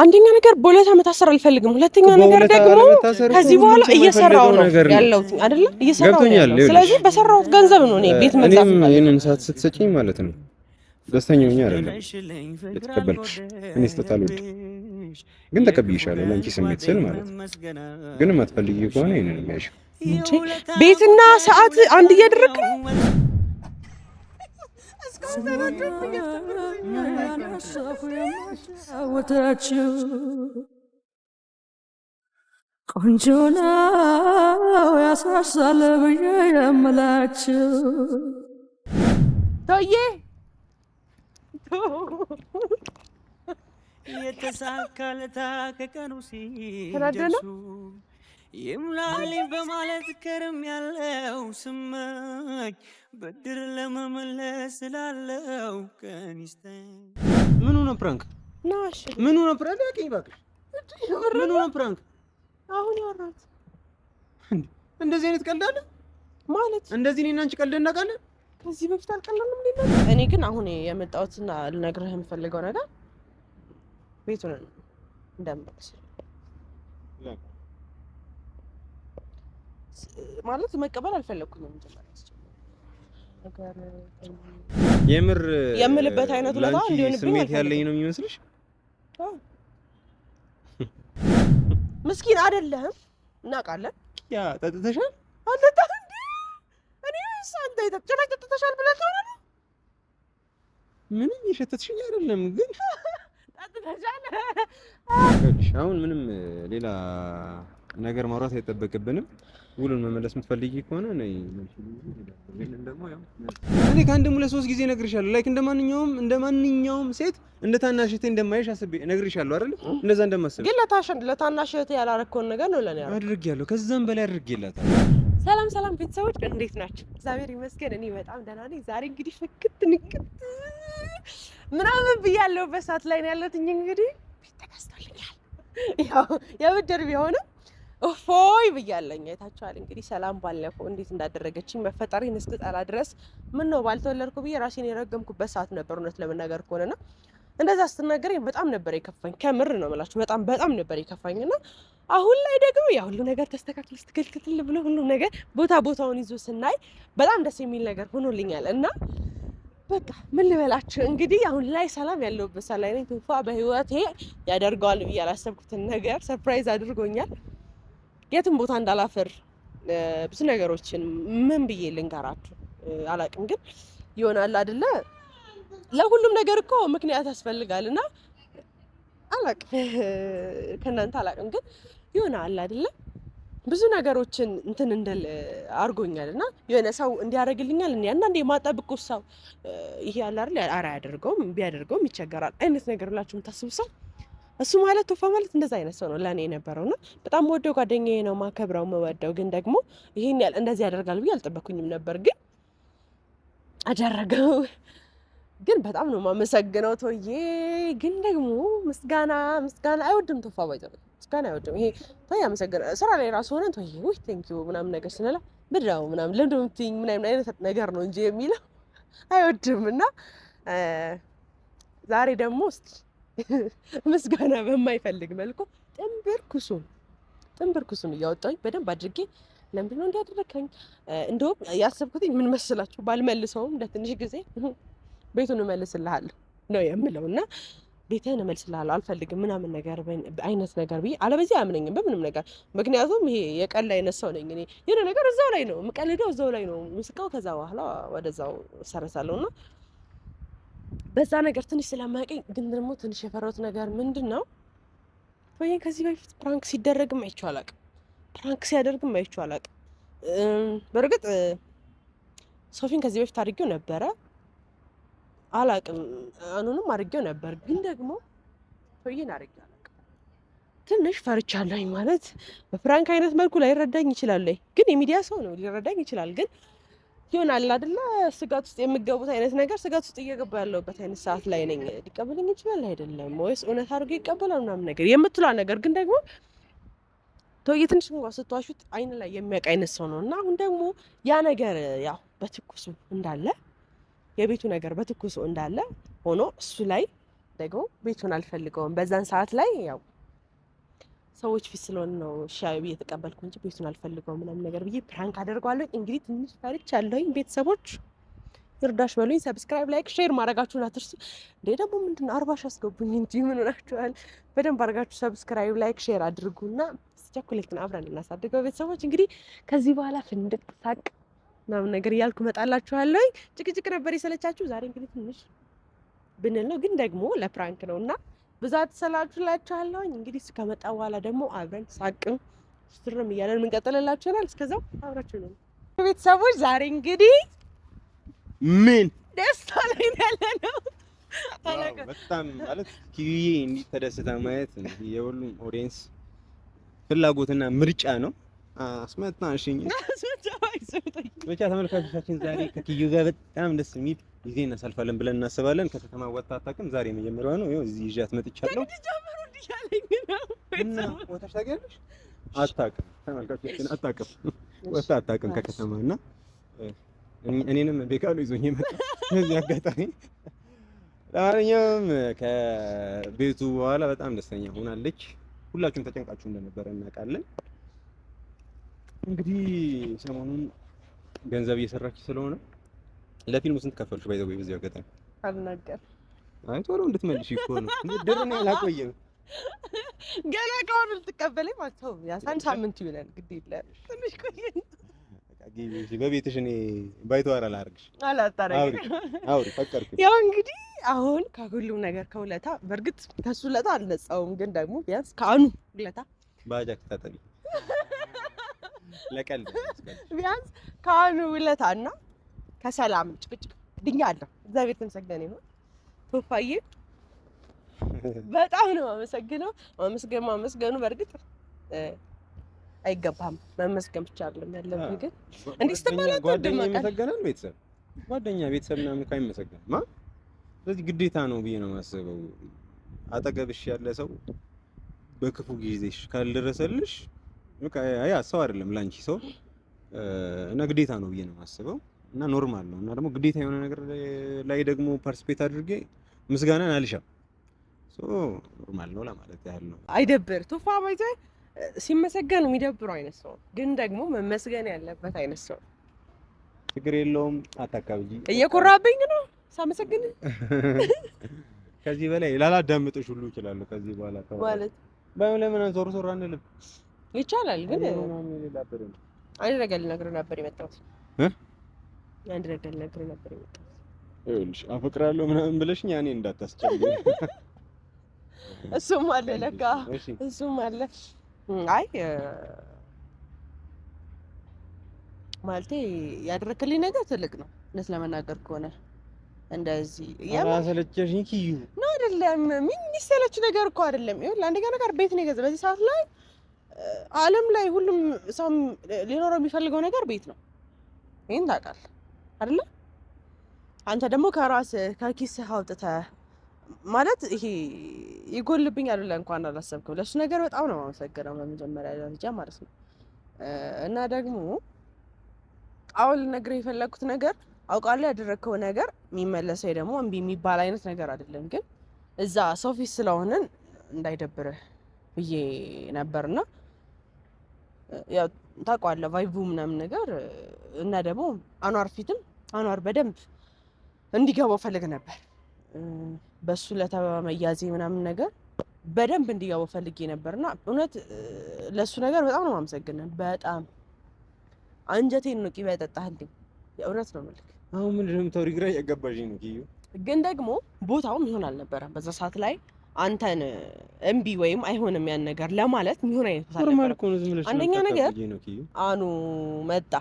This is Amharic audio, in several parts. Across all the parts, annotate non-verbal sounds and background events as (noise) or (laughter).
አንደኛ ነገር በሁለት ዓመት አሰር አልፈልግም። ሁለተኛ ነገር ደግሞ ከዚህ በኋላ እየሰራው ነው ያለው አይደለ? እየሰራው ነው። ስለዚህ በሰራሁት ገንዘብ ነው እኔ ቤት መግዛት ነው። ይሄንን ሰዓት ስትሰጪኝ ማለት ነው ደስተኛ ሆኜ አይደለም የተቀበልኩሽ። እኔ ስጦታ አልወድም፣ ግን ተቀብዬሻለሁ ለአንቺ ስሜት ስል ማለት ነው። ግን የማትፈልጊ ከሆነ ይሄንን የሚያሽ ቤትና ሰዓት አንድ እያደረግን ስናናሳወታችሁ ቆንጆ ነው ያሳሳል ብዬ የምላችሁ ቶዬ (laughs) የተሳካለታ ከቀኑ ሲደርሱ ይሙላልኝ በማለት ከርም ያለው ስመኝ ብድር ለመመለስ ስላለው ቀን ምኑ ነው ፕራንክ? ምኑ ነው ፕራንክ? እባክሽ፣ ምኑ ነው ፕራንክ? አሁን ያወራት እንደዚህ አይነት ቀልድ አለ ማለት? እንደዚህ እኔና አንቺ ቀልድ እናውቃለን? ከዚህ በፊት እኔ ግን አሁን የመጣሁትና ልነግርህ የምፈልገው ነገር ቤቱን ማለት መቀበል አልፈለግኩኝም። የምር የምልበት አይነት ሁኔታ ስሜት ያለኝ ነው የሚመስልሽ? ምስኪን አይደለህም፣ እናውቃለን። ያ ጠጥተሻል አልጠጣም ጠጥተሻል ብለህ ከሆነ ምንም የሸተትሽኝ አይደለም፣ ግን (laughs) ጠጥተሻል። አሁን ምንም ሌላ ነገር ማውራት አይጠበቅብንም። ውሉን መመለስ የምትፈልጊ ከሆነ ነይ። እኔ ከአንድም ሁለት ሶስት ጊዜ እነግርሻለሁ። ላይክ እንደማንኛውም እንደማንኛውም ሴት እንደ ታናሽ እህቴ እንደማይሽ አስቤ እነግርሻለሁ አይደል? እንደዛ እንደማስብ ግን ለታናሽ እህቴ ያላረከውን ነገር ነው ለኔ አድርጌያለሁ። ከዛም በላይ አድርጌላታለሁ። ሰላም ሰላም ቤተሰቦች እንዴት ናቸው? እግዚአብሔር ይመስገን እኔ በጣም ደህና ነኝ። ዛሬ እንግዲህ ፍክት ንክት ምናምን ብያለሁበት ሰዓት ላይ ነው ያለሁት። እንግዲህ ቤት ተከስቶልኛል። ያው የብድር ቢሆንም እፎይ ብያለኝ። አይታችኋል እንግዲህ ሰላም ባለፈው እንዴት እንዳደረገችኝ መፈጠሬን እስክጠላ ድረስ ምን ነው ባልተወለድኩ ብዬ ራሴን የረገምኩበት ሰዓት ነበር። እውነት ለመናገር ከሆነና እንደዛ ስትናገረኝ በጣም ነበር የከፋኝ። ከምር ነው የምላችሁ በጣም በጣም ነበር የከፋኝ እና አሁን ላይ ደግሞ ያ ሁሉ ነገር ተስተካክል ስትክልክትል ብሎ ሁሉ ነገር ቦታ ቦታውን ይዞ ስናይ በጣም ደስ የሚል ነገር ሆኖልኛል እና በቃ ምን ልበላችሁ እንግዲህ አሁን ላይ ሰላም ያለሁበት ሰላይ ነኝ። ትንፋ በህይወቴ ያደርገዋል ብዬ ያላሰብኩትን ነገር ሰርፕራይዝ አድርጎኛል። የትም ቦታ እንዳላፈር ብዙ ነገሮችን ምን ብዬ ልንገራችሁ አላቅም፣ ግን ይሆናል አደለ? ለሁሉም ነገር እኮ ምክንያት ያስፈልጋል እና አላቅም (laughs) ከእናንተ አላቅም፣ ግን ይሆናል አደለ? ብዙ ነገሮችን እንትን እንደል አድርጎኛል እና የሆነ ሰው እንዲያደርግልኛል እኔ አንዳንዴ የማጠብቁት ሰው ይሄ ያለ አይደል? ኧረ አያደርገውም ቢያደርገውም ይቸገራል አይነት ነገር ላችሁ የምታስቡ ሰው እሱ ማለት ቶፋ ማለት እንደዛ አይነት ሰው ነው ለእኔ የነበረው ና በጣም ወደው ጓደኛዬ ነው ማከብረው መወደው። ግን ደግሞ ይህን ያል እንደዚህ ያደርጋል ብዬ አልጠበኩኝም ነበር፣ ግን አደረገው። ግን በጣም ነው ማመሰግነው ቶዬ። ግን ደግሞ ምስጋና ምስጋና አይወድም ቶፋ ባይዘ ምስጋና አይወድም። ይሄ ቶዬ አመሰግናለሁ ስራ ላይ ራሱ ሆነ ቶዬ ውይ ቴንክ ዩ ምናምን ነገር ስንላ ብድራው ምናምን ለምንድን ነው ምናምን አይነት ነገር ነው እንጂ የሚለው አይወድም እና ዛሬ ደግሞ (laughs) ምስጋና በማይፈልግ መልኩ ጥንብር ኩሱን ጥንብር ኩሱን እያወጣኝ በደንብ አድርጌ ለምንድን ነው እንዲያደረከኝ? እንደውም ያሰብኩትኝ ምን መስላችሁ ባልመልሰውም ለትንሽ ጊዜ (laughs) ቤቱን እመልስልሃለሁ ነው የምለው እና ቤትህን እመልስልሃለሁ አልፈልግም ምናምን ነገር አይነት ነገር ብዬ አለበዚህ አያምነኝም በምንም ነገር። ምክንያቱም ይሄ የቀልድ አይነት ሰው ነኝ እኔ። የሆነ ነገር እዛው ላይ ነው የምቀልደው፣ እዛው ላይ ነው ምስቀው። ከዛ በኋላ ወደዛው ሰረሳለሁ እና በዛ ነገር ትንሽ ስለማያውቀኝ ግን ደግሞ ትንሽ የፈራሁት ነገር ምንድን ነው ወይ ከዚህ በፊት ፕራንክ ሲደረግም አይቼው አላውቅም። ፕራንክ ሲያደርግም አይቼው አላውቅም። በእርግጥ ሶፊን ከዚህ በፊት አድርጌው ነበረ አላውቅም። አኑንም አድርጌው ነበር ግን ደግሞ ቶዬን አድርጌው አላውቅም። ትንሽ ፈርቻለኝ ማለት በፕራንክ አይነት መልኩ ላይረዳኝ ይችላል፣ ግን የሚዲያ ሰው ነው ሊረዳኝ ይችላል ግን ይሆናል አይደለ? ስጋት ውስጥ የምገቡት አይነት ነገር ስጋት ውስጥ እየገባ ያለውበት አይነት ሰዓት ላይ ነኝ። ሊቀበልኝ ይችላል አይደለም ወይስ እውነት አድርጎ ይቀበላል ምናምን ነገር የምትሏ ነገር ግን ደግሞ ተወዬ ትንሽ እንኳ ስትዋሹት አይን ላይ የሚያውቅ አይነት ሰው ነው እና አሁን ደግሞ ያ ነገር ያው በትኩሱ እንዳለ የቤቱ ነገር በትኩሱ እንዳለ ሆኖ እሱ ላይ ደግሞ ቤቱን አልፈልገውም በዛን ሰዓት ላይ ያው ሰዎች ፊት ስለሆነ ነው ሻይ ብዬ የተቀበልኩ እንጂ ቤቱን አልፈልገው ምናምን ነገር ብዬ ፕራንክ አደርገዋለሁ። እንግዲህ ትንሽ ፈርቻ ያለሁኝ ቤተሰቦች ይርዳሽ በሉኝ። ሰብስክራይብ፣ ላይክ፣ ሼር ማድረጋችሁን አትርሱ። እንዴ ደግሞ ምንድን ነው አርባሽ አስገቡኝ እንጂ ምን ሆናችኋል? በደንብ አድርጋችሁ ሰብስክራይብ፣ ላይክ፣ ሼር አድርጉና ቸኮሌትን አብረን እናሳድገው ቤተሰቦች። እንግዲህ ከዚህ በኋላ ፍንድቅ ሳቅ ምናምን ነገር እያልኩ እመጣላችኋለሁ። ጭቅጭቅ ነበር የሰለቻችሁ። ዛሬ እንግዲህ ትንሽ ብንል ነው ግን ደግሞ ለፕራንክ ነው እና ብዛት ሰላችሁላችኋለሁኝ። እንግዲህ እስከመጣ በኋላ ደግሞ አብረን ሳቅም ስትርም እያለን የምንቀጥልላችኋል። እስከዛው አብራችሁ ነው ቤተሰቦች። ዛሬ እንግዲህ ምን ደስታ ላይ ያለ ነው። በጣም ማለት ኪዊዬ እንዲህ ተደስታ ማየት የሁሉም ኦዲየንስ ፍላጎትና ምርጫ ነው። አስመጣሽኝ ብቻ ተመልካቾቻችን ዛሬ ከኪዩ ጋር በጣም ደስ የሚል ጊዜ እናሳልፋለን ብለን እናስባለን። ከከተማ ወጣ አታውቅም። ዛሬ መጀመሪያዋ ነው። ይኸው እዚህ ይዣት መጥቻለሁ። እና ወጣሽ ታውቂያለሽ? አታውቅም። ተመልካቾችን አታውቅም፣ ወጣ አታውቅም ከከተማ እና እኔንም ቤካሉ ይዞኝ የመጣ በዚህ አጋጣሚ ለማንኛውም ከቤቱ በኋላ በጣም ደስተኛ ሆናለች። ሁላችሁም ተጨንቃችሁ እንደነበረ እናውቃለን። እንግዲህ ሰሞኑን ገንዘብ እየሰራች ስለሆነ ለፊልሙ ስንት ከፈልሽ? ባይ ዘ ወይ በዚህ አጋጣሚ አልነገር። አይ ቶሎ እንድትመልሽ እኮ ነው ድርና (laughs) ያላቆየም ገና ከሆነ ልትቀበለኝ ማለት ነው። ያስ አንድ ሳምንት ይሆናል። ግድ የለም ትንሽ ቆየን። በቤትሽ እኔ ባይተዋር አላርግሽ አላታረግሽ። አውሪ ፈቀርኩኝ። ያው እንግዲህ አሁን ከሁሉም ነገር ከውለታ በእርግጥ ከሱ ውለታ አልነጻውም፣ ግን ደግሞ ቢያንስ ከአኑ ውለታ ባጃ ታጠቢ ለቀል ቢያንስ ከአኑ ውለታና ከሰላም ጭቅጭቅ ድኛለሁ። እግዚአብሔር ተመሰገነ ይሁን። ቶፋዬ በጣም ነው የማመሰግነው። ማመስገን ማመስገኑ በእርግጥ አይገባም። መመስገን ብቻ አይደለም ያለብን። ግን እንዲህ ስትባላት ጓደኛ ይመሰገናል። ቤተሰብ ጓደኛ ቤተሰብ ምናምን እንኳን አይመሰገንም ማ ስለዚህ ግዴታ ነው ብዬ ነው የማስበው። አጠገብሽ ያለ ሰው በክፉ ጊዜሽ ካልደረሰልሽ ያ ሰው አይደለም ላንቺ ሰው እና ግዴታ ነው ብዬ ነው የማስበው። እና ኖርማል ነው እና ደግሞ ግዴታ የሆነ ነገር ላይ ደግሞ ፓርቲስፔት አድርጌ ምስጋናን አልሻም። ሶ ኖርማል ነው ለማለት ያህል ነው። አይደብር ቶፋ ባይዘ ሲመሰገን የሚደብሩ አይነት ሰው ግን ደግሞ መመስገን ያለበት አይነት ሰው ችግር የለውም። አታካብጂ። እየኮራብኝ ነው ሳመሰግን። (laughs) ከዚህ በላይ ላላዳምጥሽ ሁሉ እችላለሁ። ከዚህ በኋላ ማለት ባይሆን ለምን ዞር ዞር አንልም? ይቻላል ግን አይደረገል ነገር ነበር የመጣሁት አንድ ነገር ልነግር ነበር የመጣሁት። ይኸውልሽ አፈቅራለሁ ምናምን እሱም አለ ለካ እሱም አለ። አይ ማለቴ ያደረክልኝ ነገር ትልቅ ነው፣ እውነት ለመናገር ከሆነ እንደዚህ ሰለቸሽኝ ኪዩ ነው አይደለም። ምን የሚሰለች ነገር እኮ አይደለም። ይኸውልህ አንደኛ ነገር ቤት ነው የገዛሁት በዚህ ሰዓት ላይ ዓለም ላይ ሁሉም ሰው ሊኖረው የሚፈልገው ነገር ቤት ነው። ይህን ታውቃለህ አይደለ? አንተ ደግሞ ከራስ ከኪስ ሀውጥተ ማለት ይሄ ይጎልብኝ አይደለ? እንኳን አላሰብክም። ለሱ ነገር በጣም ነው የማመሰግነው በመጀመሪያ ደረጃ ማለት ነው። እና ደግሞ አሁን ልነግርህ የፈለግኩት ነገር አውቃለሁ ያደረግከው ነገር የሚመለሰው ደግሞ እምቢ የሚባል አይነት ነገር አይደለም፣ ግን እዛ ሰው ፊት ስለሆንን እንዳይደብርህ ብዬ ነበርና ያው ታውቀዋለህ ቫይቡ ምናምን ነገር እና ደግሞ አኗር ፊትም አኗር በደንብ እንዲገባው ፈልግ ነበር። በሱ ለተመያዜ ምናምን ነገር በደንብ እንዲገባው ፈልጌ ነበር እና እውነት ለእሱ ነገር በጣም ነው የማመሰግነን። በጣም አንጀቴን ነው ቂባ ያጠጣህልኝ። የእውነት ነው ምልክ አሁን ምንድን ነው የምታወሪ? ግራ እያጋባዥኝ ነው። ግን ደግሞ ቦታውም ይሆን አልነበረም በዛ ሰዓት ላይ አንተን እምቢ ወይም አይሆንም ያን ነገር ለማለት የሚሆን አይነት አንደኛ ነገር አኑ መጣ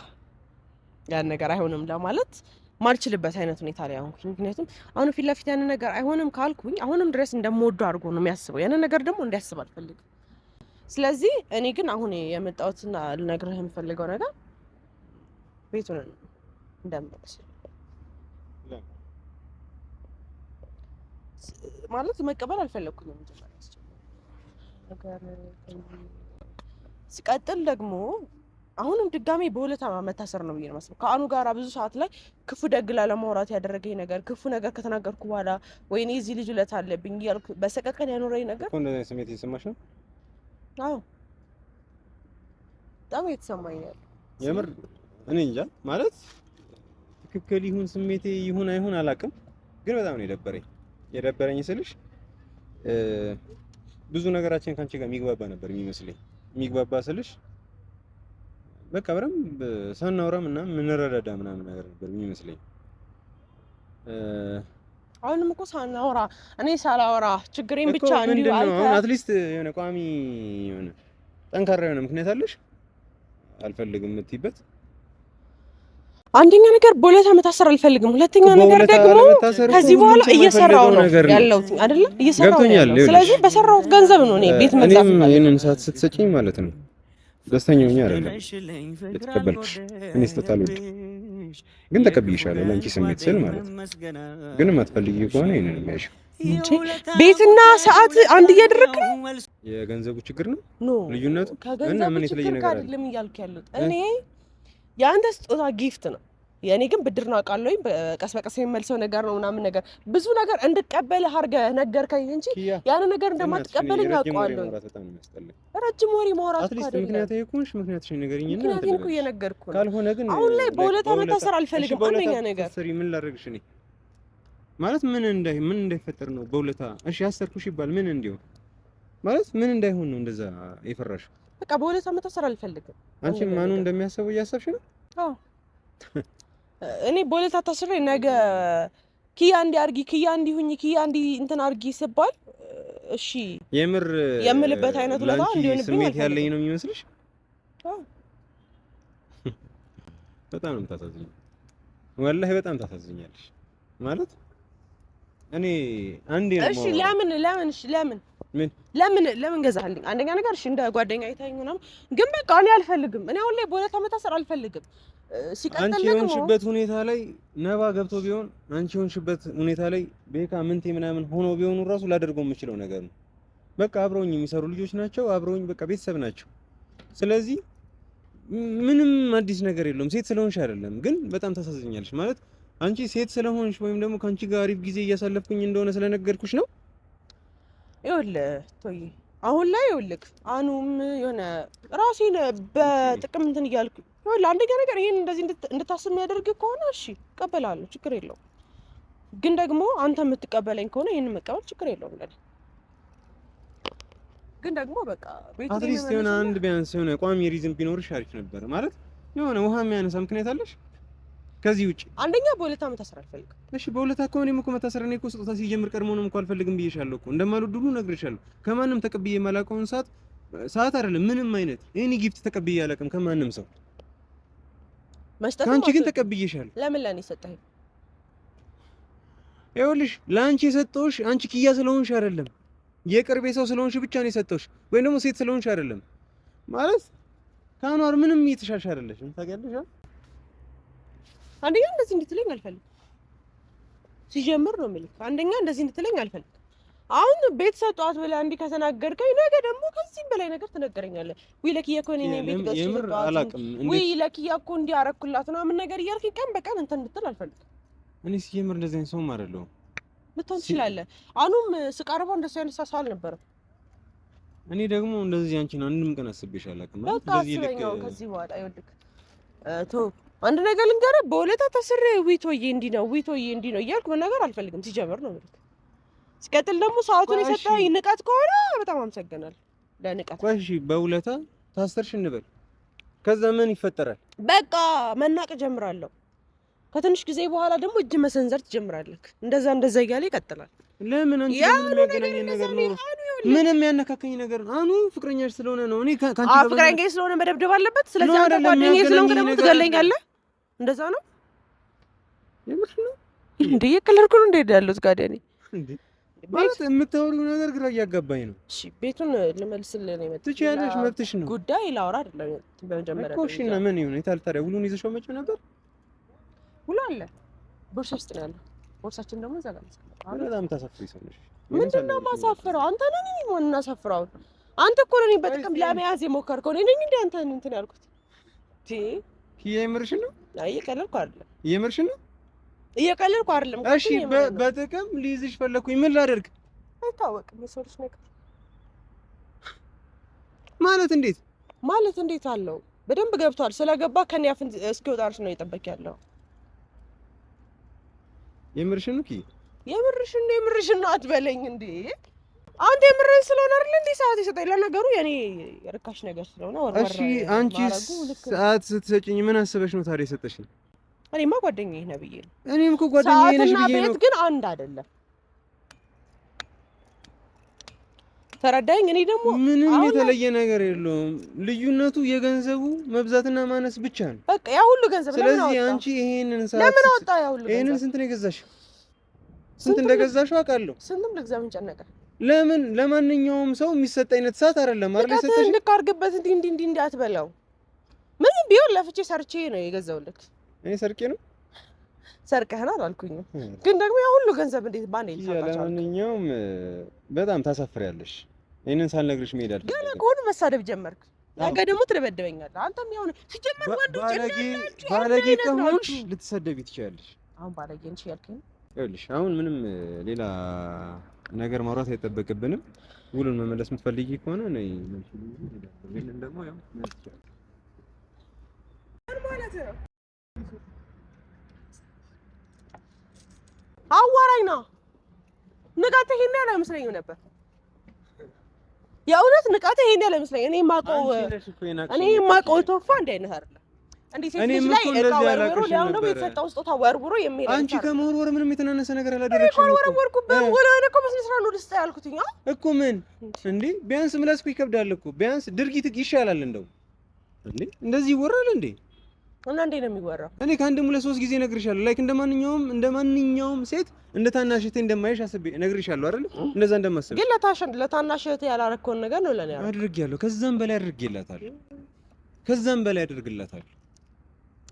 ያን ነገር አይሆንም ለማለት ማልችልበት አይነት ሁኔታ ላይ አሁንኩኝ። ምክንያቱም አሁን ፊት ለፊት ያንን ነገር አይሆንም ካልኩኝ አሁንም ድረስ እንደምወዱ አድርጎ ነው የሚያስበው። ያንን ነገር ደግሞ እንዲያስብ አልፈልግም። ስለዚህ እኔ ግን አሁን የመጣሁትና ልነግርህ የምፈልገው ነገር ቤቱን እንደምመለስ ማለት መቀበል አልፈለግኩኝም። ሲቀጥል ደግሞ አሁንም ድጋሜ በሁለት መታሰር ነው ብዬ ነው የማስበው። ከአኑ ጋር ብዙ ሰዓት ላይ ክፉ ደግ ላለማውራት ያደረገኝ ነገር ክፉ ነገር ከተናገርኩ በኋላ ወይኔ እዚህ ልጅ ለት አለብኝ እያልኩ በሰቀቀን ያኖረኝ ነገር ስሜት የሰማሽ ነው? አዎ በጣም የተሰማኝ ነው የምር። እኔ እንጃ ማለት ትክክል ይሁን ስሜቴ ይሁን አይሁን አላውቅም፣ ግን በጣም ነው የደበረኝ። የደበረኝ ስልሽ ብዙ ነገራችን ከአንቺ ጋር የሚግባባ ነበር የሚመስለኝ። የሚግባባ ስልሽ በቃ በረም ሳናውራ ምና ምንረዳዳ ምናምን ነገር ነበር የሚመስለኝ። አሁንም እኮ ሳናውራ እኔ ሳላውራ ችግሬን ብቻ እንዲሁ አልተ አሁን አትሊስት የሆነ ቋሚ የሆነ ጠንካራ የሆነ ምክንያት አለሽ አልፈልግም የምትይበት አንደኛ ነገር በሁለት ዓመት አልፈልግም። ሁለተኛ ነገር ደግሞ ከዚህ በኋላ እየሰራው ነው ያለው አይደለ? እየሰራው ነው። ስለዚህ በሰራሁት ገንዘብ ነው እኔ ቤት ማለት ነው። ይሄንን ሰዓት ስትሰጪኝ ማለት ነው ደስተኛ ሆኜ አይደለም የተቀበልኩሽ። እኔ ስህተት አልወድም፣ ግን ተቀብዬሻለሁ ለአንቺ ስሜት ስል ማለት ነው። ግን የማትፈልጊው ከሆነ ይህንን የሚያሽ ቤትና ሰዓት አንድ እያደረግ ነው። የገንዘቡ ችግር ነው ልዩነቱ። ከገንዘቡ ችግር የተለየ አይደለም እያልኩ ያሉት እኔ የአንተ ስጦታ ጊፍት ነው የእኔ ግን ብድር ነው አውቃለሁ፣ ወይም ቀስ በቀስ የሚመልሰው ነገር ነው ምናምን ነገር ብዙ ነገር እንድቀበልህ አድርገህ ነገርከኝ እንጂ ያን ነገር እንደማትቀበልኝ አውቀዋለሁ። ረጅም ወሬ ማውራት ምክንያቴን እኮ እየነገርኩ ነው። አሁን ላይ በሁለት ዓመት ታሰር አልፈልግም። አንደኛ ነገር ምን ላደርግሽ እኔ ማለት ምን እንዳይ ምን እንዳይፈጠር ነው በሁለታ እሺ፣ አሰርኩሽ ይባል ምን እንዲሁ ማለት ምን እንዳይሆን ነው እንደዛ የፈራሽ? በቃ በሁለት ዓመት ታሰር አልፈልግም። አንቺ ማኑ እንደሚያሰበው እያሰብሽ ነው? አዎ (laughs) እኔ በሁለት አታስረኝ ነገ ኪያ እንዲ አርጊ ኪያ እንዲ ሁኝ ኪያ እንዲ እንትን አርጊ ስባል እሺ የምር የምልበት አይነት ሁለታ እንዲሆንብኝ ስሜት ያለኝ ነው የሚመስልሽ? በጣም ነው የምታሳዝኝ። ወላሂ በጣም ታሳዝኛለሽ። ማለት እኔ አንዴ ነው እሺ። ለምን ለምን እሺ ለምን ምን ለምን ለምን ገዛልኝ? አንደኛ ነገር እሺ እንደ ጓደኛ አይታኝ ምናምን፣ ግን በቃ እኔ አልፈልግም። እኔ አሁን ላይ በሁለት መታሰር አልፈልግም። አንቺ የሆንሽበት ሁኔታ ላይ ነባ ገብቶ ቢሆን አንቺ የሆንሽበት ሁኔታ ላይ ቤካ ምንቴ ምናምን ሆኖ ቢሆኑ እራሱ ላደርገው የምችለው ነገር ነው። በቃ አብረውኝ የሚሰሩ ልጆች ናቸው። አብረውኝ በቃ ቤተሰብ ናቸው። ስለዚህ ምንም አዲስ ነገር የለውም። ሴት ስለሆንሽ አይደለም ግን በጣም ታሳዝኛለሽ። ማለት አንቺ ሴት ስለሆንሽ ወይም ደግሞ ከአንቺ ጋር አሪፍ ጊዜ እያሳለፍኩኝ እንደሆነ ስለነገርኩሽ ነው። ይኸውልህ ቶይ አሁን ላይ ይኸውልህ አኑም የሆነ ራሴን በጥቅም እንትን እያልኩ ለአንደኛ ነገር ይሄን እንደዚህ እንድታስብ የሚያደርግ ከሆነ እሺ እቀበላለሁ፣ ችግር የለው። ግን ደግሞ አንተ የምትቀበለኝ ከሆነ ይሄን መቀበል ችግር የለውም ለኔ። ግን ደግሞ በቃ አትሊስት የሆነ አንድ ቢያንስ የሆነ ቋሚ ሪዝን ቢኖርሽ አሪፍ ነበረ። ማለት የሆነ ውሃ የሚያነሳ ምክንያት አለሽ ከዚህ ውጭ አንደኛ በሁለት ዓመት ታሰር አልፈልግም። እሺ በሁለት ከሆነ እኔም እኮ መታሰር እኔ እኮ ስጦታ ሲጀምር ቀድሞ ነው እንኳን አልፈልግም ብዬሻለሁ እኮ እንደማልወድ ሁሉ ነግሬሻለሁ። ከማንም ተቀብዬ የማላውቀውን ሰዓት ሰዓት አይደለም ምንም አይነት እኔ ጊፍት ተቀብዬ አላውቅም ከማንም ሰው መስጠት ከአንቺ ግን ተቀብዬሻለሁ። ለምን ለእኔ ሰጠኸኝ? ይኸውልሽ ለአንቺ የሰጠሁሽ አንቺ ኪያ ስለሆንሽ አይደለም፣ የቅርቤ ሰው ስለሆንሽ ብቻ ነው የሰጠሁሽ። ወይም ደግሞ ሴት ስለሆንሽ አይደለም። ማለት ከአኗር ምንም እየተሻሻ አይደለሽም። ታውቂያለሽ። አንደኛ እንደዚህ እንድትለኝ አልፈልግም። ሲጀምር ነው የምልህ። አንደኛ እንደዚህ እንድትለኝ አልፈልግም። አሁን ቤት ሰጧት ብለህ እንዲህ ከተናገርከኝ ነገ ደግሞ ከዚህም በላይ ነገር ትነገረኛለህ። ውይ ለኪያ እኮ እኔ ቤት ገዝቼላት፣ ውይ ለኪያ እኮ እንዲህ አደረኩላት ምናምን ነገር እያልክ ቀን በቀን እንትን እንድትል አልፈልግም። እኔስ የምር እንደዚህ አይነት ሰውም አይደለሁም። ልትሆን ትችላለህ። አሁንም ስቀርበው እንደሱ አይነት ሰው አልነበረም። እኔ ደግሞ እንደዚህ አንቺ ነው አንድም ቀን አስቤሽ አላውቅም። በቃ አስበኛው ከዚህ በኋላ ይወድክ ቶ አንድ ነገር ልንገርህ፣ በሁለታ ተስሬ ዊቶዬ እንዲህ ነው ዊቶዬ እንዲህ ነው እያልኩ መናገር አልፈልግም። ሲጀምር ነው ምልክ ሲቀጥል ደግሞ ሰዓቱን የሰጠኸኝ ንቀት ከሆነ በጣም አመሰግናል። ለንቀት እሺ፣ በውለታ ታሰርሽ እንበል። ከዛ ምን ይፈጠራል? በቃ መናቅ ጀምራለሁ። ከትንሽ ጊዜ በኋላ ደግሞ እጅ መሰንዘር ትጀምራለህ። እንደዛ እንደዛ እያለ ይቀጥላል። ለምን አንቺ የሚያገናኘን ነገር ነው? ምንም ያነካከኝ ነገር አኑ ፍቅረኛሽ ስለሆነ ነው። እኔ ካንቺ ጋር ፍቅረኛዬ ስለሆነ መደብደብ አለበት። ስለዚህ አንተ ጓደኛዬ ስለሆንክ ደግሞ ትገለኛለህ። እንደዛ ነው። የምር ነው እንዴ? የቀለድኩ ነው እንዴ ያለው ጋር እኔ ማለት የምታወሪው ነገር ግራ እያጋባኝ ነው። እሺ ቤቱን ልመልስልህ ነው የመጣሁት። ትችያለሽ፣ መብትሽ ነው። ጉዳይ ላውራ አይደለም በመጀመሪያ እኮ። እሺ እና ምን ይሁን? የታል ታዲያ? ውሉን ይዘሽ መጪው ነበር። ውሉ አለ ቦርሳ ውስጥ ነው ያለው። ቦርሳችን ደግሞ እዛ ጋር ነው። በጣም ታሳፍሪ ሰው ነሽ። ምንድን ነው የማሳፍረው? አንተ ነህ እኔ መሆን እናሳፍረው። አንተ እኮ ነው እኔን በጥቅም ለመያዝ የሞከርከው። እኔ ነኝ እንደ አንተ እንትን ያልኩት። የምርሽን ነው? አይ ቀለልኩ አይደለም። የምርሽን ነው እየቀለልኩ አይደለም። እሺ በጥቅም ሊይዝሽ ፈለኩኝ። ምን ላደርግ አይታወቅም። የሰው ልጅ ነገር ማለት እንዴት ማለት እንዴት አለው በደንብ ገብቷል። ስለገባ ከኔ አፍ እስኪወጣልሽ ነው እየጠበቅ ያለው። የምርሽን ነው የምርሽን ነው የምርሽን ነው አትበለኝ እንዴ! አንተ የምርህን ስለሆነ አይደል እንዴ ሰዓት ይሰጠኝ። ለነገሩ የኔ ርካሽ ነገር ስለሆነ ወርወራ። እሺ አንቺ ሰዓት ስትሰጪኝ ምን አስበሽ ነው ታዲያ የሰጠሽኝ? እኔማ ጓደኛዬ ነህ ብዬ ነው። እኔም እኮ ጓደኛዬ ነሽ ብዬ ነው። ቤት ግን አንድ አይደለም። ተረዳኝ። እኔ ደግሞ ምንም የተለየ ነገር የለውም። ልዩነቱ የገንዘቡ መብዛትና ማነስ ብቻ ነው። በቃ ያ ሁሉ ገንዘብ ለምን ስለዚህ አንቺ ይሄንን ሰዓት ለምን አወጣ? ያ ሁሉ ይሄንን ስንት ነው የገዛሽው? ስንት እንደገዛሽው አውቃለሁ። ስንትም ልግዛ ምን ጨነቀ? ለምን ለማንኛውም ሰው የሚሰጥ አይነት ሰዓት አይደለም አይደል? ሰጠሽ ልካርግበት። አድርግበት። እንዲህ እንዲህ እንዲህ አትበላው። ምንም ቢሆን ለፍቼ ሰርቼ ነው የገዛውልክ እኔ ሰርቄ ነው ሰርቀህን አላልኩኝም፣ ግን ደግሞ ያ ሁሉ ገንዘብ እንዴት ባኔ ይታጣቻል? ለማንኛውም በጣም ታሳፍሪያለሽ። ይሄንን ሳልነግርሽ መሄድ አልኩ። ገና ከሆነ መሳደብ ጀመርክ። ነገ ደግሞ ትደበደበኛለህ። አንተም ያው ሲጀመር ወንዶች ባለጌ ከሆንሽ ልትሰደቢ ትችያለሽ። አሁን ባለጌ እንሽ ያልከኝ ይኸውልሽ፣ አሁን ምንም ሌላ ነገር ማውራት አይጠበቅብንም። ውሉን መመለስ የምትፈልጊ ከሆነ ነይ። ይሄንን ደግሞ ያው ማለት ነው አዋራኝ ና ንቀት ይሄን ያለ አይመስለኝም ነበር። የእውነት ንቀት ይሄን ያለ አይመስለኝም። እኔ የማውቀው እኔ የማውቀው ቶፋ እንዲህ አይነት አይደለም። ሴት ልጅ ላይ እቃ ነው ስጦታ አንቺ ከመወርወር ምንም የተናነሰ ነገር እኮ በስነ ስርዓት ነው ያልኩትኛ እኮ ምን እንዴ ቢያንስ ምላስኩ ይከብዳል እኮ ቢያንስ ድርጊት ይሻላል። እንደው እንዴ እንደዚህ ይወራል እንዴ እና እንዴ ነው የሚወራው? እኔ ከአንድም ሁለት ሶስት ጊዜ እነግርሻለሁ። ላይክ እንደማንኛውም እንደማንኛውም ሴት እንደ ታናሽ እህቴ እንደማይሽ አስቤ እነግርሻለሁ አይደል? እንደዛ እንደማስብ ግን ለታናሽ እህቴ ያላረከውን ነገር ነው ለኔ ያለው አድርጌያለሁ። ከዛም በላይ አድርጌላታል። ከዛም በላይ አድርግላታል።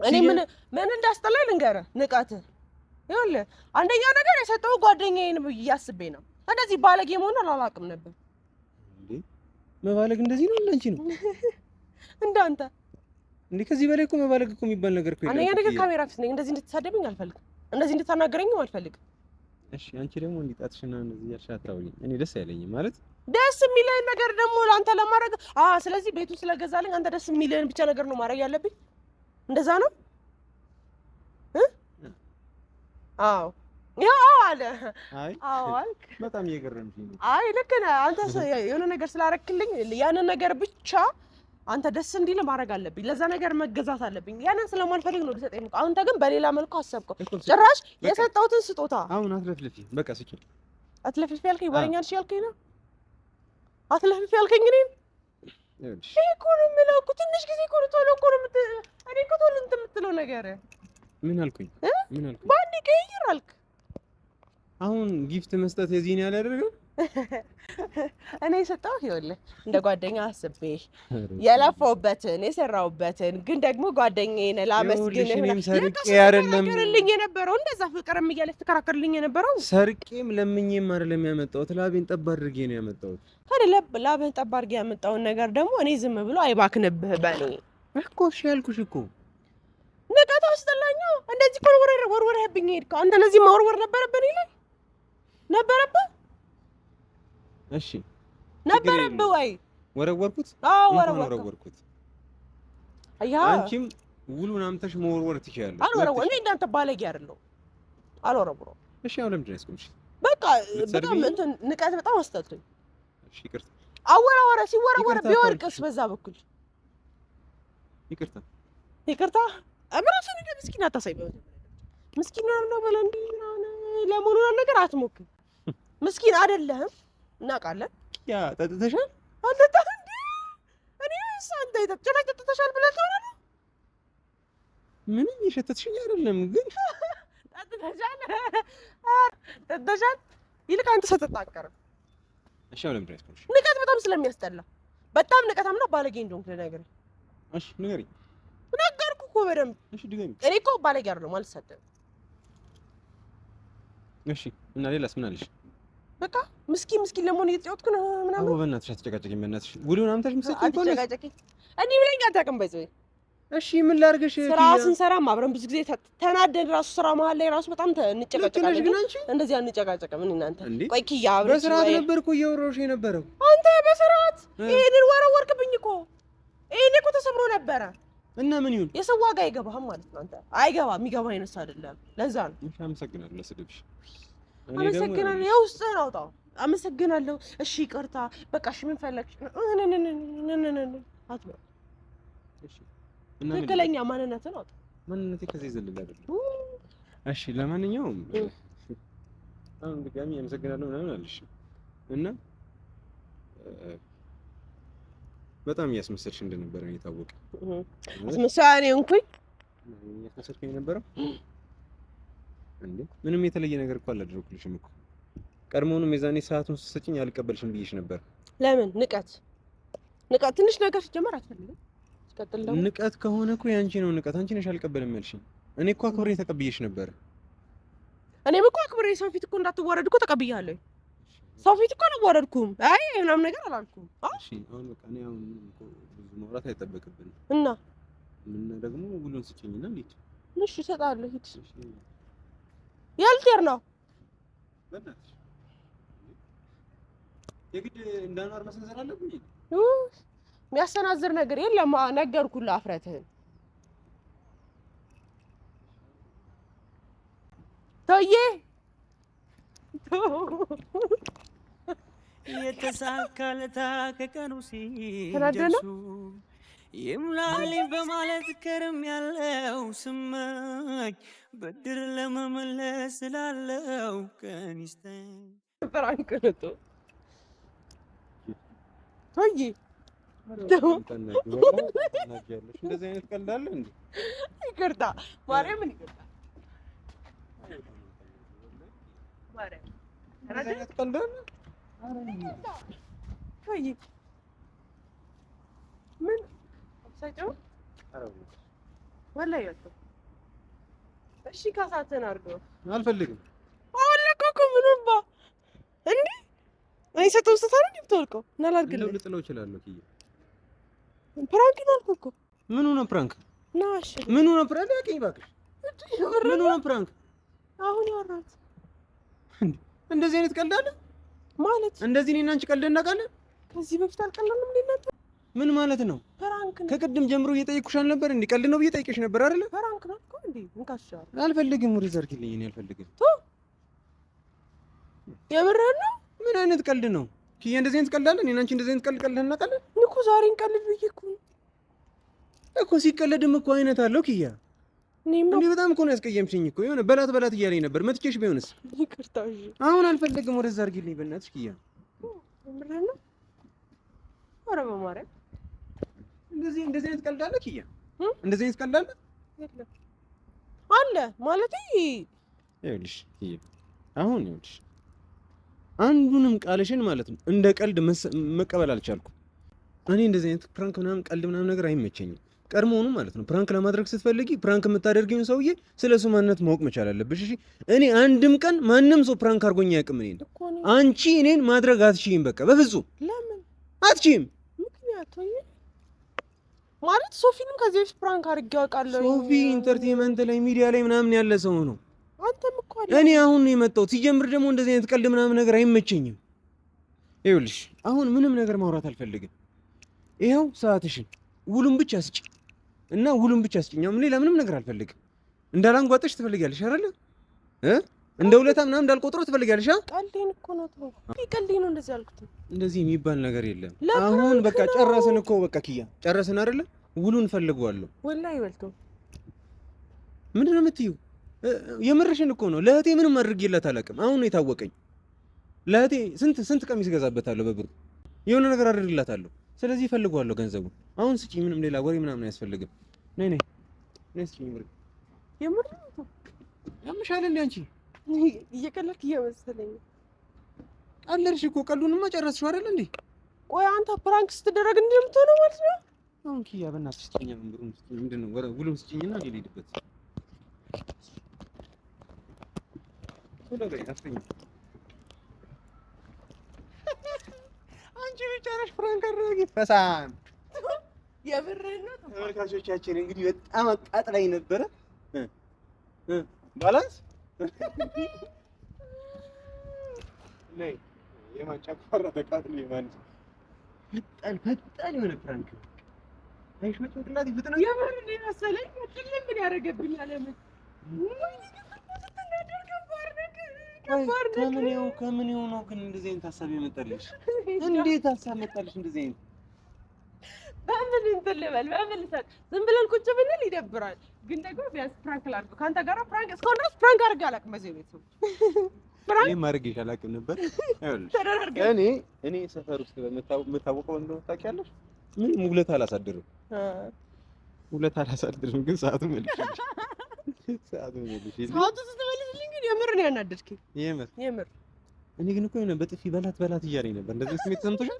እኔ ምን ምን እንዳስጠላኝ ልንገርህ፣ ንቀትህ ይኸውልህ፣ አንደኛው ነገር የሰጠው ጓደኛዬን ብዬ አስቤ ነው። እንደዚህ ባለጌ መሆኑን አላውቅም ነበር። እንዴ መባለግ እንደዚህ ነው? እንዳንቺ ነው (laughs) እንዳንተ እንዴ ከዚህ በላይ እኮ መባለግ እኮ የሚባል ነገር እኮ አንደኛ ነገር ካሜራ ፊት ነኝ። እንደዚህ እንድትሳደብኝ አልፈልግም። እንደዚህ እንድታናገረኝም አልፈልግም። እሺ አንቺ ደግሞ እንዲጣትሽና እንደዚህ ያልሽ አታውኝ። እኔ ደስ አይለኝም ማለት ደስ የሚለኝ ነገር ደግሞ አንተ ለማድረግ አ ስለዚህ ቤቱ ስለገዛልኝ አንተ ደስ የሚለኝ ብቻ ነገር ነው ማድረግ ያለብኝ። እንደዛ ነው። አዎ ያው አለ። አዎ አልክ። በጣም እየገረምሽኝ። አይ ልክ ነህ አንተ የሆነ ነገር ስላረክልኝ ያንን ነገር ብቻ አንተ ደስ እንዲል ማድረግ አለብኝ። ለዛ ነገር መገዛት አለብኝ። ያንን ስለማልፈልግ ነው ልሰጠኝ። አንተ ግን በሌላ መልኩ አሰብከው። ጭራሽ የሰጠሁትን ስጦታ አሁን አትለፍልፊ። በቃ ስጪ። አትለፍልፊ ያልከኝ ወሬኛ ልሽ ያልከኝ ነው። አትለፍልፊ ያልከኝ ግን ይሄ እኮ ነው የምለው እኮ ትንሽ ጊዜ እኮ ነው ቶሎ እኮ ነው የምት እኔ እኮ ቶሎ እንትን የምትለው ነገር ምን አልኩኝ? ምን አልኩኝ? በአንዴ ቀይር አልክ። አሁን ጊፍት መስጠት የዚህን ያህል ያደርገው (laughs) እኔ የሰጠው ይኸውልህ እንደ ጓደኛ አስቤ የለፈውበትን የሰራውበትን ግን ደግሞ ጓደኛዬን ላመስግንህ ትከራከርልኝ የነበረው እንደዛ ፍቅርም እያለች ትከራከርልኝ የነበረው ሰርቄም ለምኜም አይደለም ያመጣሁት። ላቤን ጠብ አድርጌ ነው ያመጣሁት። ታዲያ ላብህን ጠብ አድርጌ ያመጣውን ነገር ደግሞ እኔ ዝም ብሎ አይባክንብህ በኔ እኮ እሺ ያልኩሽ እኮ ንቀት አስጠላኛ። እንደዚህ ወርወርህብኝ ሄድከው አንተ። ለዚህ መወርወር ነበረብን ይላል ነበረብህ እሺ ነበረብህ ወይ? ወረወርኩት። አዎ ወረወርኩት። አያ አንቺም ውሉን አምተሽ መወርወር ትችያለሽ። አልወረወርኩም። እኔ እንዳንተ ባለጌ አይደለሁም። አልወረወርኩም። እሺ አሁን ለምንድን ነው ያስቆምሽ? በቃ በጣም እንትን ንቀት በጣም አስጠልቶኝ። እሺ ይቅርታ። አወራወረ ሲወረወረ ቢወርቅስ በዛ በኩል ይቅርታ ይቅርታ። እምራስን እንደ ምስኪን አታሳይ። ምስኪን ነው ብለህ እንዲህ ለመሆኑ ነገር አትሞክር። (laughs) ምስኪን አይደለህም። እናውቃለን። ያ ጠጥተሻል? እንዴ? እኔ አንተ ጭራሽ ጠጥተሻል ብለህ ምንም የሸተትሽኝ አይደለም ግን (laughs) ጠጥተሻል፣ ጠጥተሻል። ይልቅ አንተ እሺ አሁን ንቀት በጣም ስለሚያስጠላ በጣም ንቀታምና ባለጌ እንደሆንክ ልነግርህ። እሺ ንገሪኝ። እኮ እሺ ድገሚ። እኔ እኮ ባለጌ አይደለሁም፣ አልሰጠም። እሺ እና ሌላስ ምን አለሽ? በቃ ምስኪን ምስኪን ለመሆን እየተጫወትኩ ነው ምናምን። አቦ በእናትሽ አትጨቃጨቂኝ፣ በእናትሽ ውሎ ምናምን ተሽ ምሰጥ እንኳን አትጨቃጨቂኝ። እንዲህ ብለኝ አታውቅም። በዚህ እሺ ምን ላድርግሽ? ስራ ስንሰራም አብረን ብዙ ጊዜ ተናደን ራሱ ስራ መሀል ላይ ራሱ በጣም እንጨቃጨቃለን። እንደዚህ አንጨቃጨቅም። እኔ እናንተ ቆይ ኪያ አብረን በስርዓት ነበር እኮ እየወረውሽ የነበረው አንተ በስርዓት ይሄንን ወረወርክብኝ እኮ። ይሄኔ እኮ ተሰብሮ ነበረ እና ምን ይሁን የሰው ዋጋ አይገባህም ማለት ነው አንተ። አይገባ የሚገባ አይነሳ አይደለም። ለዛ ነው። አመሰግናለሁ ለስድብሽ አመሰግናለሁ። የውስጥህን አውጣው። አመሰግናለሁ። እሺ ይቅርታ፣ በቃ እሺ፣ ምን ፈለግሽ? አትበል። ትክክለኛ ማንነትን አውጣ። ማንነቴ ከዚህ ዝልል አይደለም። እሺ፣ ለማንኛውም አሁን ድጋሚ አመሰግናለሁ ምናምን አለሽ እና በጣም እያስመሰልሽ እንደነበረ ነው የታወቀ። አስመሳይ እኔ እንኩኝ እያስመሰልሽ የነበረው እንዴ ምንም የተለየ ነገር እኮ አላደረኩልሽም እኮ ቀድሞውንም የዛኔ ሰዓቱን ስትሰጪኝ አልቀበልሽም ብዬሽ ነበር። ለምን ንቀት ንቀት ትንሽ ነገር ሲጀመር አትፈልግም። ቀጥል ደግሞ ንቀት ከሆነ እኮ ያንቺ ነው ንቀት። አንቺ ነሽ አልቀበልም ያልሽኝ። እኔ እኮ አክብሬ ተቀብዬሽ ነበር። እኔም እኮ አክብሬ ሰው ፊት እኮ እንዳትዋረድ እኮ ተቀብያለሁ። ሰው ፊት እኮ አልዋረድኩም። አይ ምናምን ነገር አላልኩም። እሺ አሁን በቃ እኔ አሁን እኮ ብዙ ማውራት አይጠበቅብንም እና ምን ደግሞ ሁሉን ስጪኝና እንዴት እሺ እሰጣለሁ ሂድ ያልቴር ነው የሚያሰናዝር ነገር የለም። ነገርኩልህ። አፍረትህን ተውዬ እየተሳካለታ ከቀኑ ሲደርሱ ይሙላልኝ በማለት ከርም ያለው ስመኝ ብድር ለመመለስ ስላለው ቀኒስተኝ ፍራንክንጡ ቶዬ እንደዚህ አይነት ቀልድ አለ እንዴ? ይቅርታ ማርያምን፣ ይቅርታ ምን አትሰጪውም? ወላሂ እሺ ካሳትን አድርገው አልፈልግም። አወለቀኩ ምኑባ እንዴ እኔ ሰጠው ስታረ ብትወልቀው እና ላድርግልህ ልጥለው እችላለሁ። ፕራንክ ነው አልኩህ እኮ። ምኑ ነው ፕራንክ? ናሽ ምኑ ነው ፕራንክ? አቅኝ እባክሽ፣ ምኑ ነው ፕራንክ? አሁን ያወራሁት እንደዚህ አይነት ቀልድ አለ ማለት እንደዚህ እኔ እና አንቺ ቀልድ እናውቃለን። ከዚህ በፊት አልቀለንም እንዴ እናንተ ምን ማለት ነው? ፍራንክ ነው። ከቅድም ጀምሮ እየጠየቅኩሽ አልነበር እንዴ? ቀልድ ነው ብዬ ነበር አይደለ? ፍራንክ ነው እኮ እንዴ። እንካሻው አልፈልግም። ወደ ዘርግልኝ። እኔ አልፈልግም። ቶ የምርህን ነው? ምን አይነት ቀልድ ነው? ኪያ እንደዚህ አይነት ቀልድ አለ? እኔና አንቺ እንደዚህ አይነት ቀልድ ቀልደን እናውቃለን እኮ። ዛሬን ቀልድ ብዬሽ እኮ እኮ ሲቀለድም እኮ አይነት አለው ኪያ። እንዴ በጣም እኮ ነው ያስቀየምሽኝ እኮ። የሆነ በላት በላት እያለኝ ነበር። መጥቼሽ ቢሆንስ? ይቅርታ። አሁን አልፈልግም። ወደ ዘርግልኝ በእናትሽ ኪያ። የምርህን ነው? ኧረ በማርያም እንደዚህ እንደዚህ አይነት ቀልድ አለ ኪያ? እንደዚህ አይነት ቀልድ አለ አለ ማለት ይኸውልሽ፣ አሁን ይኸውልሽ አንዱንም ቃልሽን ማለት ነው እንደ ቀልድ መቀበል አልቻልኩም። እኔ እንደዚህ አይነት ፕራንክ ምናምን ቀልድ ምናምን ነገር አይመቸኝም። ቀድሞውኑ ማለት ነው ፕራንክ ለማድረግ ስትፈልጊ ፕራንክ የምታደርጊውን ሰውዬ ስለ እሱ ማንነት ማወቅ መቻል አለብሽ። እሺ እኔ አንድም ቀን ማንም ሰው ፕራንክ አድርጎኝ አያውቅም። እኔን አንቺ እኔን ማድረግ አትችይም። በቃ በፍጹም ለምን አትችይም? ምክንያቱም ማለት ሶፊንም ከዚህ በፊት ፕራንክ አድርጌ አውቃለሁ። ሶፊ ኢንተርቴንመንት ላይ ሚዲያ ላይ ምናምን ያለ ሰው ነው። አንተም እኮ አለ። እኔ አሁን ነው የመጣሁት። ሲጀምር ደግሞ እንደዚህ አይነት ቀልድ ምናምን ነገር አይመቸኝም። ይኸውልሽ አሁን ምንም ነገር ማውራት አልፈልግም። ይኸው ሰዓትሽን ውሉም ብቻ ስጭኝ እና ውሉም ብቻ ስጭኝ። አሁን ሌላ ምንም ነገር አልፈልግም። እንዳላንጓጠሽ ትፈልጊያለሽ አይደል? እንደ ውለታ ምናምን እንዳልቆጥሮ ትፈልጊያለሽ። ቀልዴን እኮ ነው። ቀልዴን ነው እንደዚህ ያልኩት። እንደዚህ የሚባል ነገር የለም። አሁን በቃ ጨረስን እኮ በቃ ኪያ ጨረስን አይደለ? ውሉን ፈልገዋለሁ። ወላ ይበልቶ ምንድን ነው የምትይው? የምርሽን እኮ ነው። ለእህቴ ምንም አድርጌላት አላውቅም። አሁን ነው የታወቀኝ። ለእህቴ ስንት ስንት ቀሚስ ገዛበታለሁ፣ በብሩ የሆነ ነገር አድርግላታለሁ። ስለዚህ ፈልገዋለሁ ገንዘቡን አሁን ስጪ። ምንም ሌላ ወሬ ምናምን አያስፈልግም። ነይ ነይ ነይ ስጪ። ምር የምር ያምሻል እንዴ አንቺ? እየቀለድክ እየመሰለኝ አለልሽ እኮ ቀሉንማ ጨረስሽው አይደል እንዴ? ቆይ አንተ ፕራንክ ስትደረግ እንዴ ነው ማለት ነው? አሁን ኪያ በእናትሽ ስጪኝ፣ ምንድን ነው ወረ ውሉን ስጪኝና ልሄድበት አንቺ ብቻ ነሽ ፕራንክ አደረጊ ፈሳን። የብርህን ነው። ተመልካቾቻችን እንግዲህ በጣም አቃጥላኝ ነበረ ባላንስ (laughs) ነይ የማጫፋራ ተቃጥሎ የማንስ ፈጣን ፈጣን የሆነ ፍራንክ አይሽ መጭንቅላት ይፍጥነው የምን እንደ መሰለኝ ትልም ምን ያደረገብኝ አለምን ከምኔው ከምኔው ነው ግን እንደዚህ አይነት ሀሳብ የመጣልሽ? እንዴት ሀሳብ መጣልሽ እንደዚህ አይነት በምን እንትን ልበል በምን ዝም ብለን ቁጭ ብንል ይደብራል። ግን ደግሞ ቢያንስ ፕራንክ ላድርግ ከአንተ ጋር ፕራንክ እስካሁን ድረስ ፕራንክ አድርጌ አላውቅም በዚህ ቤት ይህ ማድረግ የቻላቅም ነበር። እኔ እኔ ሰፈር ውስጥ የምታወቀው እንደው ታውቂያለሽ፣ ምንም ውለታ አላሳድርም፣ ውለታ አላሳድርም። ግን ሰዓቱ መልሽ፣ ሰዓቱ መልሽ፣ ሰዓቱ ስትመልስልኝ ግን የምር ነው ያናደድከኝ። የምር የምር። እኔ ግን እኮ የሆነ በጥፊ በላት በላት እያለኝ ነበር። እንደዚህ ስሜት ሰምቶሻል?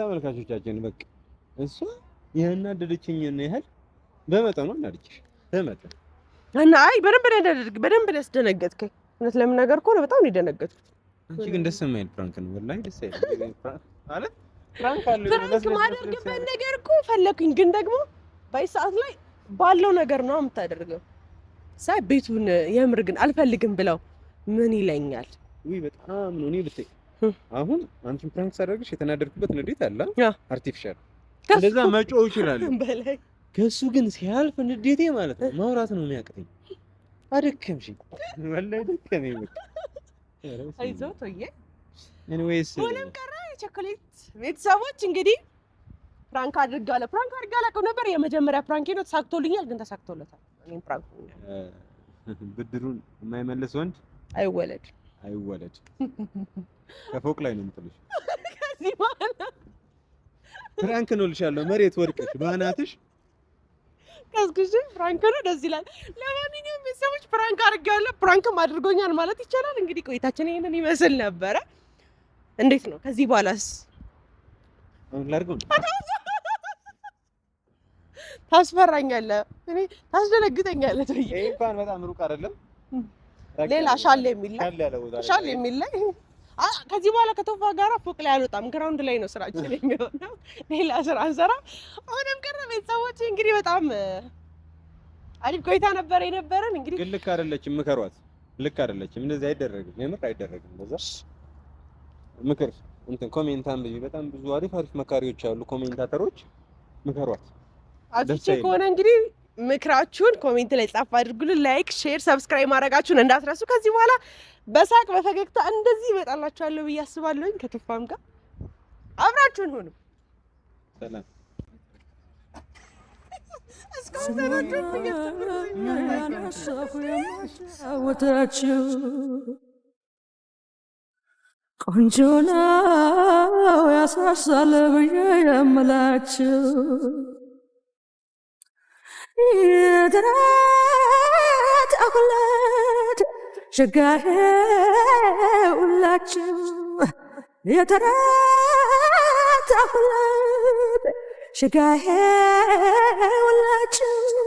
ተመልካቾቻችን በቃ እሷ ያናደደችኝን ያህል በመጠኑ እናድርግሽ በመጠኑ እና አይ በደንብ ያደረግ በደንብ ያስደነገጥከኝ። እውነት ለምን ነገር ከሆነ በጣም ነው የደነገጥኩት። አንቺ ግን ደስ የማይል ፕራንክ ነው ወላሂ፣ ደስ አይል ማለት ፕራንክ አለ ፕራንክ ማደርግበት ነገር እኮ ፈለኩኝ፣ ግን ደግሞ ባይ ሰዓት ላይ ባለው ነገር ነው የምታደርገው። ሳይ ቤቱን የምር ግን አልፈልግም ብለው ምን ይለኛል? ውይ በጣም ነው እኔ ብታይ አሁን አንቺን ፕራንክ ሳደርግሽ የተናደድኩበት ንዴት አለ አርቲፊሻል እንደዛ መጮህ (laughs) በላይ ከሱ ግን ሲያልፍ ንዴቴ ማለት ነው ማውራት ነው የሚያቅተኝ። አደከምሽ ወላሂ ደከመኝ። አይዞ ተውዬ። ኤኒዌይስ ሆነም ቀረ የቸኮሌት ቤተሰቦች እንግዲህ ፕራንክ አድርጋለሁ ፕራንክ አድርጋለሁ አቅም ነበር። የመጀመሪያ ፕራንክ ነው ተሳክቶልኛል፣ ግን ተሳክቶለታል። እኔም ፕራንክ ብድሩን የማይመለስ ወንድ አይወለድ። አይወለድ። ከፎቅ ላይ ነው የምጥልሽ። ከዚህ በኋላ ፍራንክ ነው ልሻለሁ። መሬት ወድቀሽ ባናትሽ ከዝግሽ ፍራንክ ነው። ደስ ይላል። ለማንኛውም ቤተሰቦች ፍራንክ አድርጌዋለሁ፣ ፍራንክም አድርጎኛል ማለት ይቻላል። እንግዲህ ቆይታችን ይሄንን ይመስል ነበረ። እንዴት ነው ከዚህ በኋላስ? ላድርገው ታስፈራኛለህ፣ እኔ ታስደነግጠኛለህ። ይሄ እንኳን በጣም ሩቅ አይደለም። ሌላ ሻል የሚል ሻል የሚል ላይ ከዚህ በኋላ ከቶፋ ጋራ ፎቅ ላይ አልወጣም፣ ግራውንድ ላይ ነው ስራችን የሚሆነው። ሌላ ስራ አሁንም ቀረ። ቤተሰቦች እንግዲህ በጣም አሪፍ ቆይታ ነበረ የነበረን። እንግዲህ ግን ልክ አይደለችም፣ ምከሯት። ልክ አይደለችም፣ እንደዚህ አይደረግም፣ የምር አይደረግም። በዛ ምክር እንትን ኮሜንት አንብቢ። በጣም ብዙ አሪፍ አሪፍ መካሪዎች አሉ፣ ኮሜንታተሮች። ምከሯት። ከሆነ እንግዲህ ምክራችሁን ኮሜንት ላይ ጻፍ አድርጉልን። ላይክ፣ ሼር፣ ሰብስክራይብ ማድረጋችሁን እንዳትረሱ። ከዚህ በኋላ በሳቅ በፈገግታ እንደዚህ ይመጣላችኋለሁ ብዬ አስባለሁኝ። ከቱፋም ጋር አብራችሁን ሆኑ። ወተራችሁ ቆንጆ ነው ያሳሳል ብዬ የምላችሁ የገናት አኩላት ሸጋዬ ሁላችም የተናት አኩላት ሸጋዬ ሁላችም